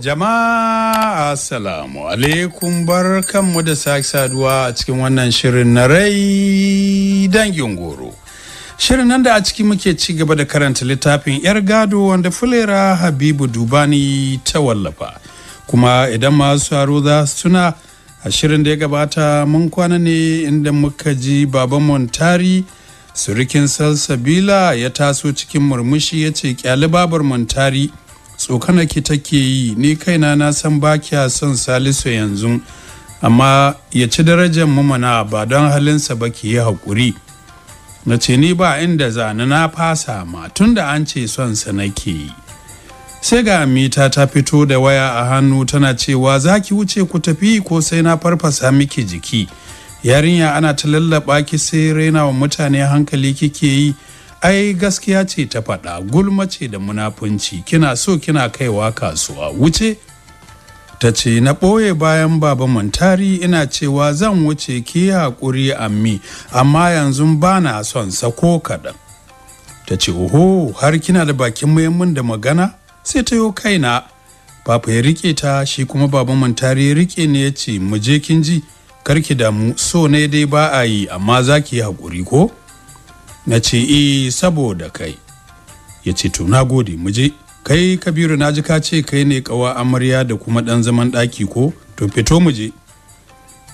Jama'a Assalamu alaikum bar kanmu da sake saduwa a cikin wannan shirin na rai dangin goro. Shirin nan da a ciki muke ci gaba da karanta littafin 'yar gado wanda fulera Habibu Dubani ta wallafa. Kuma idan masu haro za su tuna a shirin da ya gabata mun kwana ne inda muka ji baban Montari surikin Salsabila ya taso cikin murmushi ya ce kyali babar Montari. tsokana ki take yi ni kaina na san ba kya son salisu yanzu amma ya ci darajar mumana ba don halinsa ba ki yi haƙuri na ce ni ba inda zani na fasa ma tun da an ce son sa nake yi sai ga mita ta fito da waya a hannu tana cewa za ki wuce ku tafi ko sai na farfasa miki jiki yarinya ana ta lallaba ki sai raina wa mutane hankali kike yi ai gaskiya ce ta faɗa gulma ce da munafunci kina so kina kaiwa kasuwa wuce ta ce na ɓoye bayan baba mantari ina cewa zan wuce ki yi haƙuri ammi amma yanzu ba na son sako kaɗan ta ce oho har kina da bakin muhimmin da magana sai ta yi kaina Papa ya rike ta shi kuma baba mantari ya rike ne ya ce mu je kin ji karki damu so ne dai ba a yi amma za ki yi haƙuri ko na ce e saboda kai ya ce to na gode muje kai kabiru na ji ka ce kai ne kawa amarya da kuma dan zaman daki ko to fito mu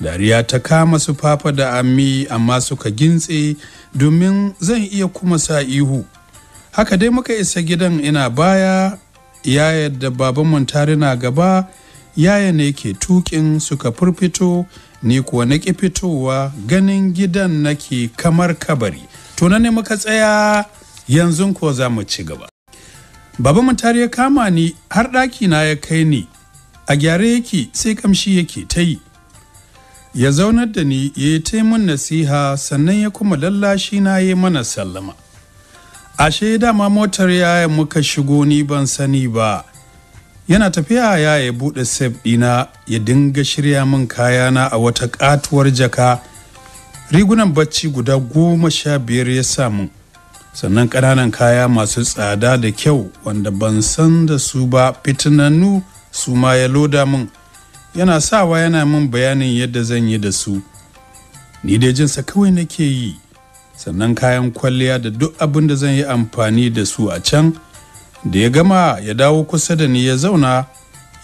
dariya ta kama su fafa da ami amma suka gintse domin zan iya kuma sa ihu haka dai muka isa gidan ina baya ya yadda baban montari na gaba yaya ne ke tukin suka furfito ni kuwa na fitowa ganin gidan nake kamar kabari tunan ne muka tsaya yanzu ko za mu ci gaba baba tare ya kama ni har ɗaki na ya kai ni a gyare yake sai kamshi yake ta yi ya zaunar da ni ya yi ta mun nasiha sannan ya kuma lallashi na yi mana sallama ashe dama motar yaya muka shigo ni ban sani ba yana tafiya ya ya buɗe sef ɗina ya dinga shirya min kayana a wata ƙatuwar jaka rigunan bacci guda goma sha biyar ya samu sannan ƙananan kaya masu tsada da kyau wanda ban san da su ba fitinannu su ma ya loda min yana sawa yana min bayanin yadda zan yi da su ni dai jinsa kawai nake yi sannan kayan kwalliya da duk abin da zan yi amfani da su a can da ya gama ya dawo kusa da ni ya zauna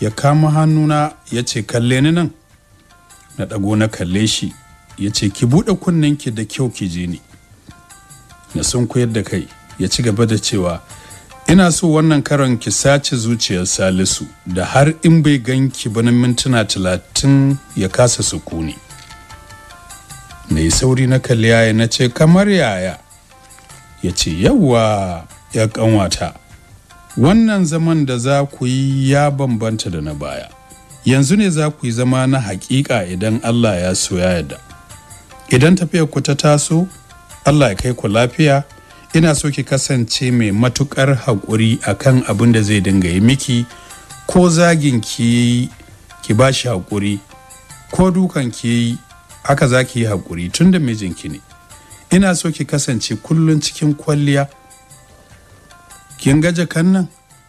ya kama hannuna ya ce kalle ni nan na ɗago na kalle shi ya ce ki buɗe kunnen-ki da kyau ki je ni na sun koyar da kai ya ci gaba da cewa ina so wannan karan ki sace zuciyar salisu da har in bai ganki ba na mintuna talatin ya kasa sukuni na yi sauri na kalli yaya na ce kamar yaya ya ce yawwa ya kanwata wannan zaman da za ku yi ya bambanta da na baya yanzu ne za ku yi zama na hakika idan allah ya so ya yarda idan tafiyar ku ta taso allah ya kai ku lafiya ina so ki kasance mai matukar haƙuri akan abin da zai dinga yi miki ko zagin ki ki ba shi haƙuri ko dukan ki aka za ki yi haƙuri tun da mijinki ne ina so ki kasance kullum cikin kwalliya kin ga jakan nan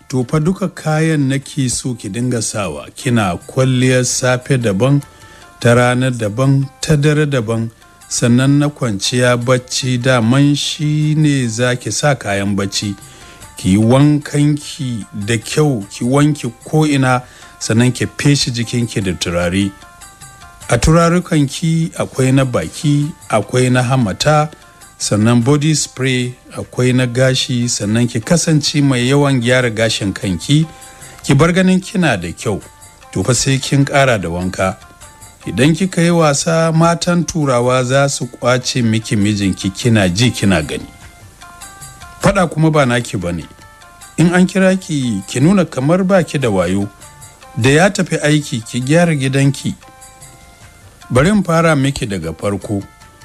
to fa duka kayan nake so ki dinga sawa kina kwalliyar safe daban ta ranar daban ta dare daban sannan na kwanciya bacci daman shi ne za ki sa kayan bacci ki yi wankanki da kyau ki wanki ko'ina sannan ki feshi jikinki da turare a turarukanki akwai na baki akwai na hamata sannan body spray akwai na gashi sannan ki kasance mai yawan gyara gashin kanki ki bar ganin kina da kyau to fa sai kin kara da wanka idan kika yi wasa matan turawa za su kwace miki mijinki kina ji kina gani fada kuma ba naki ba ne. in an kira ki ki nuna kamar baki da wayo da ya tafi aiki ki gyara gidanki bari in fara miki daga farko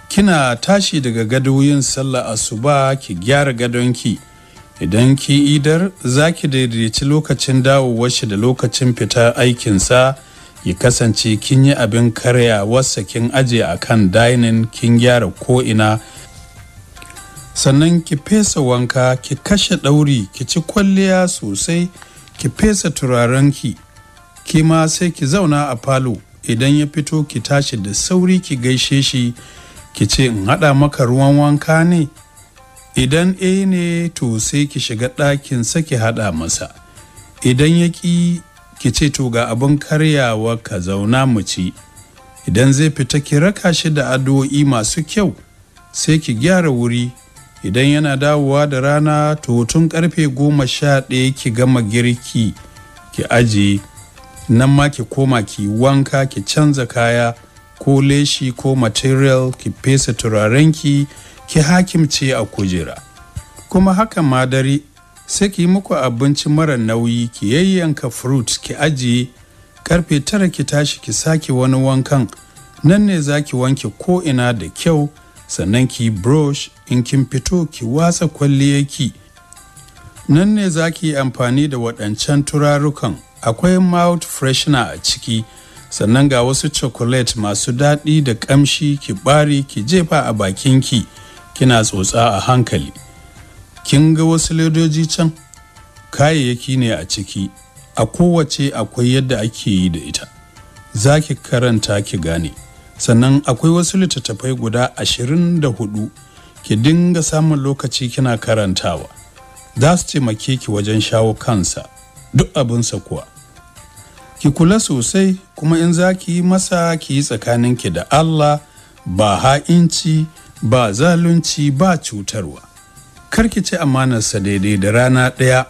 kina tashi daga gado yin sallah asuba ki gyara gadonki idan ki idar za ki daidaici lokacin dawowar shi da lokacin fita aikinsa ki kasance kin yi abin karya wasa kin aje a kan dainin kin gyara ko'ina sannan ki fesa wanka ki kashe ɗauri ki ci kwalliya sosai ki fesa turarenki ki ma sai ki zauna a falo idan ya fito ki tashi da sauri ki gaishe shi ki ce in haɗa maka ruwan wanka ne idan e ne to sai ki shiga ɗakin ki haɗa masa idan ya ƙi ki ce to ga abin karyawa ka zauna mu ci idan zai fita ki raka shi da addu'o'i masu kyau sai ki gyara wuri idan yana dawowa da rana to tun karfe goma sha ɗaya ki gama girki ki aje nan ma ki koma ki wanka ki canza kaya ko leshi ko material ki fesa turarenki ki hakimce a kujera kuma haka ma dare sai ki yi muku abinci mara nauyi ki yayyanka fruit ki ajiye karfe tara ki tashi ki sake wani wankan nan ne za ki wanke ko ina da kyau sannan ki yi brush in kin fito ki watsa kwalliyarki nan ne za ki yi amfani da waɗancan turarukan akwai mouth freshener a ciki sannan ga wasu chocolate masu daɗi da ƙamshi ki ɓari ki jefa a bakinki kina tsotsa a hankali kin ga wasu ledoji can kayayyaki ne a ciki a kowace akwai yadda ake yi da ita za ki karanta ki gane sannan akwai wasu littattafai guda ashirin da hudu ki dinga samun lokaci kina karantawa za su taimake ki wajen shawo kansa duk abinsa kuwa ki kula sosai kuma in za ki yi masa ki yi tsakaninki da allah ba ha'inci ba zalunci ba cutarwa kar ki ci amanarsa daidai da rana ɗaya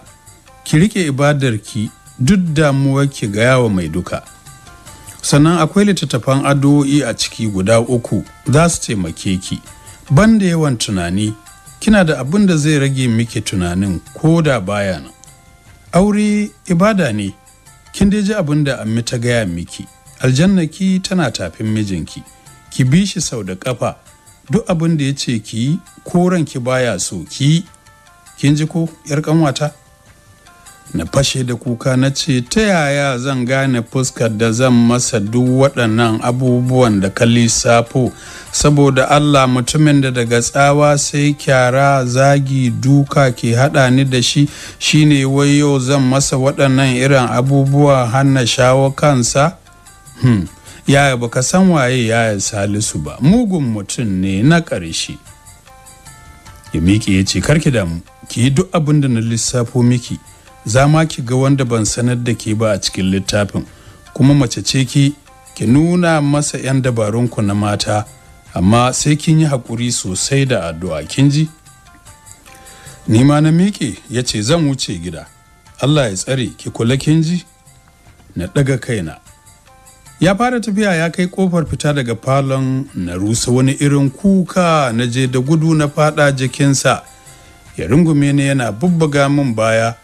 ki rike ibadarki duk damuwar ki ga yawa mai duka sannan akwai littattafan addu'o'i a ciki guda uku za su taimake ki banda yawan tunani kina da abin da zai rage miki tunanin ko da baya nan aure ibada ne kin dai ji abin da ammi ta gaya miki aljannaki tana tafin mijinki ki bi shi sau da kafa duk abin da ya ce ki yi ko ranki baya so ki kin ji ko yar kanwata na fashe da kuka na ce ta yaya zan gane fuskar da zan masa duk waɗannan abubuwan da ka lissafo saboda allah mutumin da daga tsawa sai kyara zagi duka ke haɗa ni da shi shine wai yau zan masa waɗannan irin abubuwa hana shawo kansa hmm. yaya baka san waye yaya salisu ba mugun mutum ne na ƙarshe ya miƙe ya ce karki damu ki yi duk abin da na lissafo miki za ma ki ga wanda ban sanar da ke ba a cikin littafin kuma mace ce ki ki nuna masa 'yan dabarunku na mata amma sai kin yi haƙuri sosai da addu'a kin ji ni ma na miƙe ya ce zan wuce gida allah ya tsare ki kula kin ji na ɗaga kaina ya fara tafiya ya kai kofar fita daga falon na rusa wani irin kuka na je da gudu na fada jikinsa ya rungume ne yana bubbuga min baya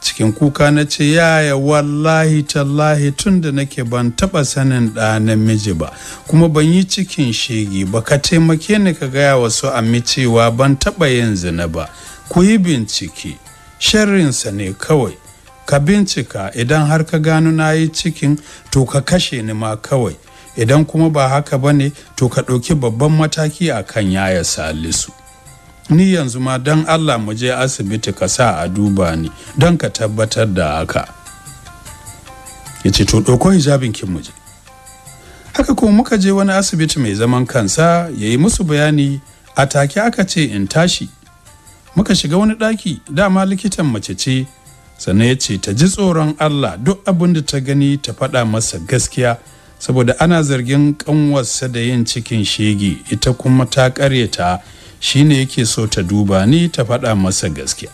cikin kuka na ce yaya wallahi tallahi tun da nake ban taba sanin ɗa namiji ba kuma ban yi cikin shegi ba ka taimake ni ka gaya wasu ammi cewa ban taba yin zina ba ku yi bincike sharrinsa ne kawai ka bincika idan har ka gano na yi cikin to ka kashe ni ma kawai idan kuma ba haka ba ne to ka ɗauki babban mataki a kan yaya salisu ni yanzu ma don allah mu je asibiti ka sa a duba ni don ka tabbatar da haka ya ce to ɗauko hijabin kin muje. haka kuma muka je wani asibiti mai zaman kansa ya yi musu bayani a take aka ce in tashi muka shiga wani ɗaki dama likitan mace ce sannan ya ce ta ji tsoron Allah duk abin da ta gani ta faɗa masa gaskiya saboda ana zargin ƙanwarsa da yin cikin shege ita kuma ta ƙaryata ne yake so ta duba ni ta faɗa masa gaskiya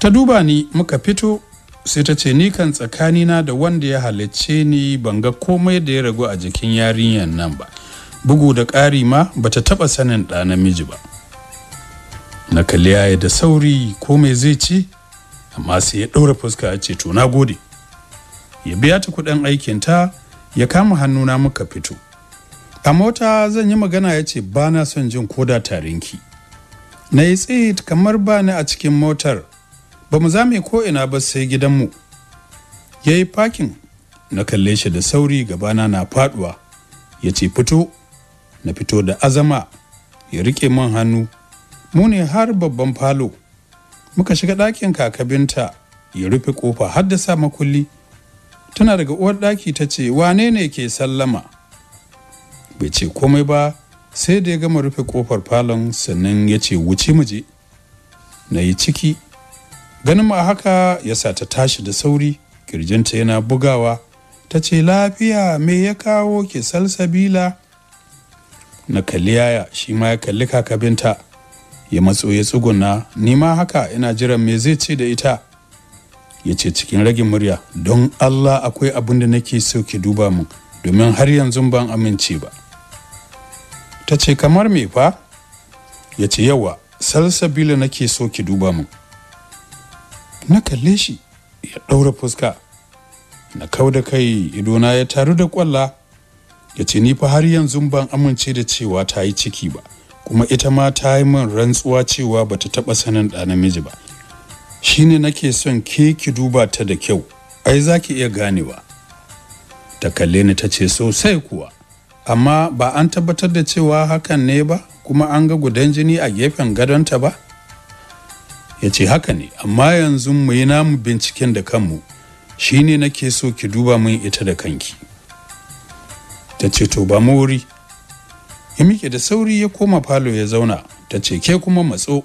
ta duba ni muka fito sai ta ce ni kan tsakanina da wanda ya halicce ni ban ga komai da ya ragu a jikin yarinyar nan ba bugu da ƙari ma ba ta taɓa sanin ɗa namiji ba na kalli da sauri komai zai ci amma sai ya ɗaura fuska ya ce to na gode ya biya ta kuɗin aikinta ya kama hannuna muka fito a mota zan yi magana ya ce ba na son jin koda tarinki na yi tsit kamar ba ni a cikin motar ba mu zame ko ina ba sai gidanmu ya yi fakin na kalle shi da sauri gabana na faduwa ya ce fito na fito da azama ya rike man hannu mu ne har babban falo muka shiga ɗakin kakabinta ya rufe ƙofa har da sa makulli tana daga uwar ɗaki ta ce wane ne ke sallama bai ce komai ba sai da ya gama rufe ƙofar falon sannan ya ce wuce muje je na yi ciki ganin ma haka ya sa ta tashi da sauri kirjinta yana bugawa ta ce lafiya me ya kawo ke salsabila na kalli yaya shi ma ya kalli kakabinta ya matso ya tsuguna ni ma haka ina jiran me zai ce da ita ya ce cikin ragin murya don Allah akwai abin da nake so ki duba mun domin har yanzu ban amince ba ta ce kamar me fa ya ce yawa salsabila nake so ki duba mun na kalle shi ya ɗaura fuska na kau da kai idona ya taru da kwalla ya ce ni fa har yanzu ban amince da cewa ta yi ciki ba kuma ita ma ta yi min rantsuwa cewa ba ta taɓa sanin ɗa namiji ba shine nake son ke ki duba ta da kyau ai za ki iya ganewa ta kalle ni ta ce sosai kuwa amma ba an tabbatar da cewa hakan ne ba kuma an ga gudan jini a gefen gadonta ba ya ce haka ne amma yanzu mu yi namu binciken da kanmu Shi ne nake so ki duba min ita da kanki ta ce to ba mu ya miƙe da sauri ya koma falo ya zauna ta ce ke kuma matso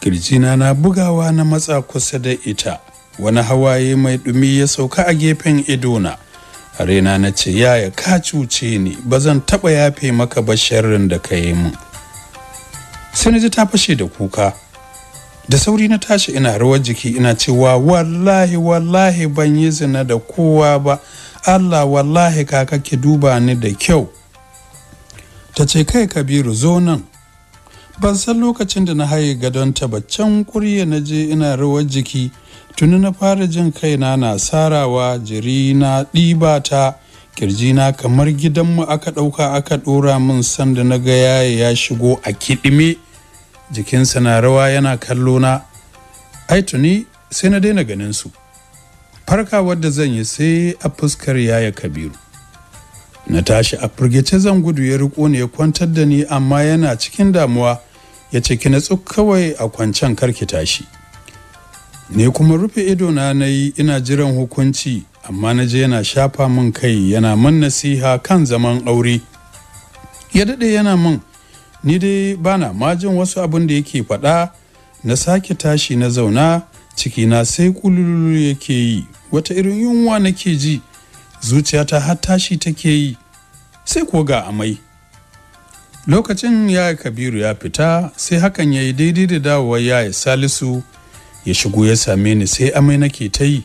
kirjina na bugawa na matsa kusa da ita wani hawaye mai ɗumi ya sauka a gefen idona a na ce yaya ka cuce ni ba zan taɓa yafe maka ba sharrin da ka yi min sai na ji ta fashe da kuka da sauri na tashi ina rawar jiki ina cewa wallahi wallahi ban yi zina da kowa ba allah wallahi kaka ki duba ni da kyau ta ce kai kabiru zo nan ban san lokacin da na haye gadon ta ba can kurye na je ina rawar jiki tuni na fara jin kaina na sarawa jiri na ɗiba ta na kamar gidanmu aka ɗauka aka ɗora min sanda na ga yaye ya shigo a kiɗime jikinsa na rawa yana kallo na ai tuni sai na daina ganin su farkawar da zan yi sai a fuskar yaya kabiru na tashi a firgice zan gudu ya riko ne ya kwantar da ni amma yana cikin damuwa ya ce ki natsu kawai a kwancen kar ki tashi ne kuma rufe ido na nayi ina jiran hukunci amma na je yana shafa min kai yana min nasiha kan zaman aure ya dade yana min ni dai bana majin wasu abin da yake faɗa na sake tashi na zauna ciki na sai kululu yake yi wata irin yunwa nake ji zuciyata har tashi take yi sai ko ga amai lokacin yaya kabiru ya fita sai hakan ya yi daidai da dawowar yaya salisu ya shigo ya same ni sai amai nake ta yi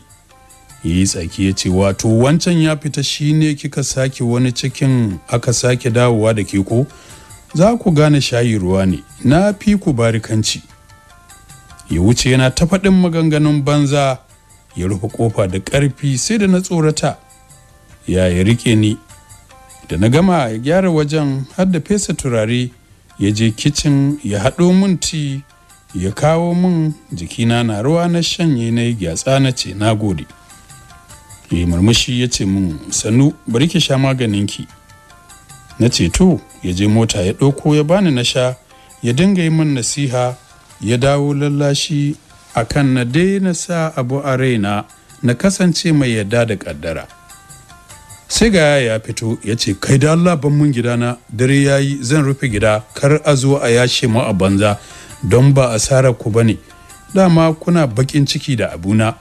yi tsaki ya ce wato wancan ya fita shi ne kika sake wani cikin aka sake dawowa da ke ko za ku gane shayi ruwa ne na fi ku barikanci ya wuce yana ta faɗin maganganun banza ya rufe ƙofa da ƙarfi sai da na tsorata ya yi rike ni da na gama ya gyara wajen har da fesa turare ya je kicin ya haɗo mun ti ya kawo mun jikina na ruwa na shanye na yi gyatsa na ce na gode ya murmushi ya ce mun sannu bari ki sha ki, na ce to ya je mota ya ɗauko ya bani na sha ya dinga yi mun nasiha ya dawo lallashi a kan na daina sa abu a raina na kasance mai yadda da ƙaddara. sai ga yaya ya fito ya ce kai da Allah ban mun gidana dare ya yi zan rufe gida kar a zo a yashe mu a banza don ba a sara ku bane dama kuna bakin ciki da abuna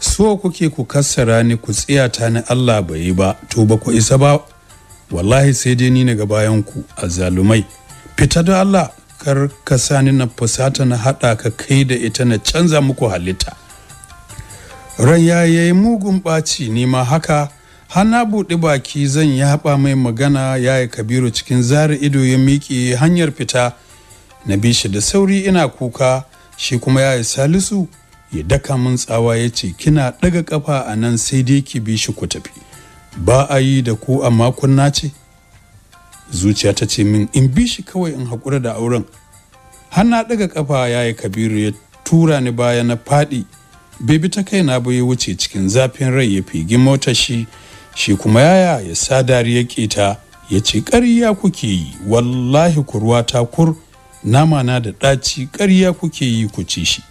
so kuke ku kassara ni ku ta ni Allah bai yi ba to ba ku isa ba wallahi sai dai ni na ga bayan ku azzalumai fita da Allah kar ka sani na fusata na hada ka kai da ita na canza muku halitta ran yayi mugun ɓaci ni ma haka hana buɗe baki zan ya haɓa mai magana ya yi kabiru cikin zara ido ya miƙe hanyar fita na bi shi da sauri ina kuka shi kuma ya yi salisu ya daka mun tsawa ya ce kina ɗaga ƙafa a nan sai dai ki bi shi ku tafi ba a yi da ku amma kunna ce zuciya ta ce min in bi shi kawai in haƙura da auren Hana na ɗaga ƙafa yi kabiru ya tura ni baya na faɗi bai bi ta kaina ba ya wuce cikin zafin rai ya figi motar shi shi kuma yaya ya sa dariya keta ya ce ƙarya kuke yi wallahi kurwa ta kur nama na da ɗaci ƙarya kuke yi ku ci shi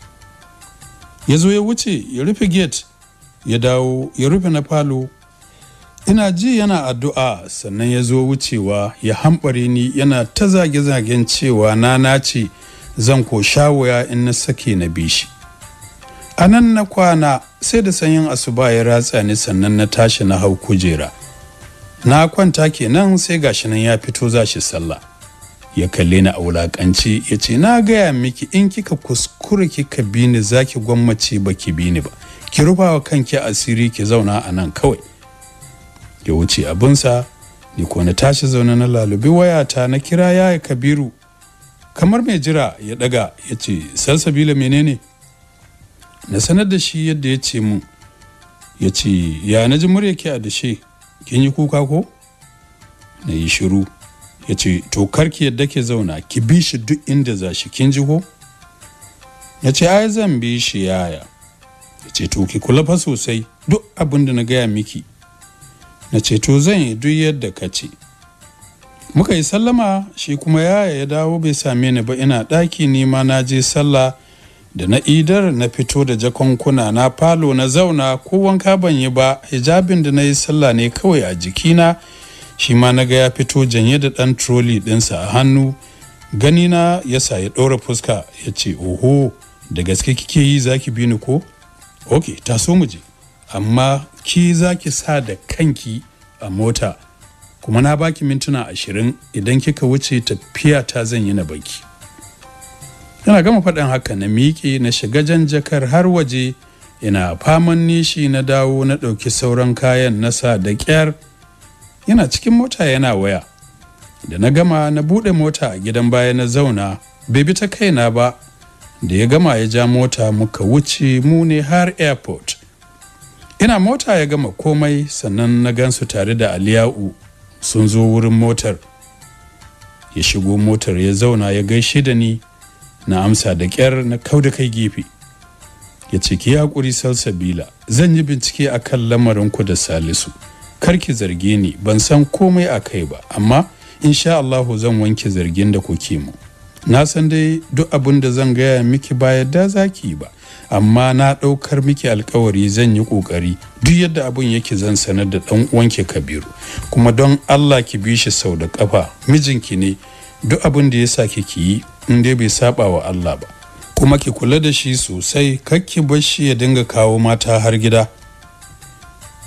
ya zo ya wuce ya rufe gate ya dawo ya rufe na falo ina ji yana addu'a sannan ya zo wucewa ya hambare ni yana ta zage-zagen cewa na nace zan ko shawaya in na sake na bi shi a nan na kwana sai da sanyin asuba ya ratsa ni sannan na tashi na hau kujera na kwanta kenan sai gashi nan ya fito za shi sallah ya kalle ni a wulakanci ya ce na gaya miki in kika kuskure kika bi ni zaki gwammace ba ki bi ni ba ki ruba wa kanki asiri ki zauna a nan kawai ya wuce abinsa ni ko na tashi zaune na lalubi wayata na kira yaya kabiru kamar mai jira ya ɗaga, ya ce salsabila menene na sanar da shi yadda ya ce mun ya ce ya na ji murya ke a dashe kin yi kuka ko na yi shiru ya ce to karki yadda ke zauna ki bi shi duk inda za shi kin ji ko ya ce ai zan bi shi yaya ya ce to ki kula fa sosai duk abin da na gaya miki na ce to zan yi duk yadda ka ce muka yi sallama shi kuma yaya ya dawo bai same ni ba ina ɗaki nima na je sallah da na idar na fito da jakonkuna na falo na zauna ko wanka ban yi ba hijabin da na yi sallah ne kawai a jikina shi ma na ga ya fito janye da ɗan troli ɗinsa a hannu ganina ya sa ya ɗora fuska ya ce oho da gaske kike yi zaki bi ni ko ok taso mu je amma ki zaki sa da kanki a mota kuma na baki mintuna ashirin idan kika wuce tafiya ta zan yi na baki yana gama faɗin haka na miƙe na shiga jan jakar har waje ina faman nishi na dawo na ɗauki sauran kayan na sa da ƙyar yana cikin mota yana waya da na gama na buɗe mota a gidan baya na zauna bai bi ta kaina ba da ya gama ya ja mota muka wuce mu ne har airport ina mota ya gama komai sannan na gansu tare da aliyau sun zo wurin motar ya shigo motar ya zauna ya gaishe da ni na amsa da kyar na kau da kai gefe ya ce ki hakuri salsabila zan yi bincike a kan ku da salisu kar ki zarge ni ban san komai a kai ba amma insha Allahu zan wanke zargin da kuke mu na san dai duk abin da zan gaya miki ba yadda za ki yi ba amma na ɗaukar miki alkawari zan yi ƙoƙari duk yadda abin yake zan sanar da ɗan uwanki kabiru kuma don allah ki bi shi sau da ƙafa mijinki ne duk abin da ya sake ki yi in dai bai saba wa Allah ba kuma ki kula da shi sosai kar ki bar shi ya dinga kawo mata har gida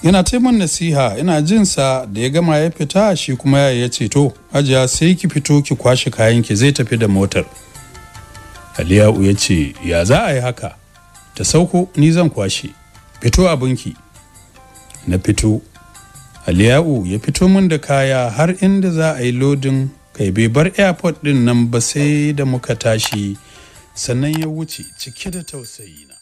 yana taimun nasiha ina jinsa da ya gama ya fita shi kuma ya ya ce to hajiya sai ki fito ki kwashe kayan ki zai tafi da motar Aliyu ya ce ya za a yi haka ta sauko ni zan kwashe fito abinki na fito Aliyu ya fito min da kaya har inda za a yi lodin kai bai bar airport din nan ba sai da muka tashi sannan ya wuce cike da tausayi na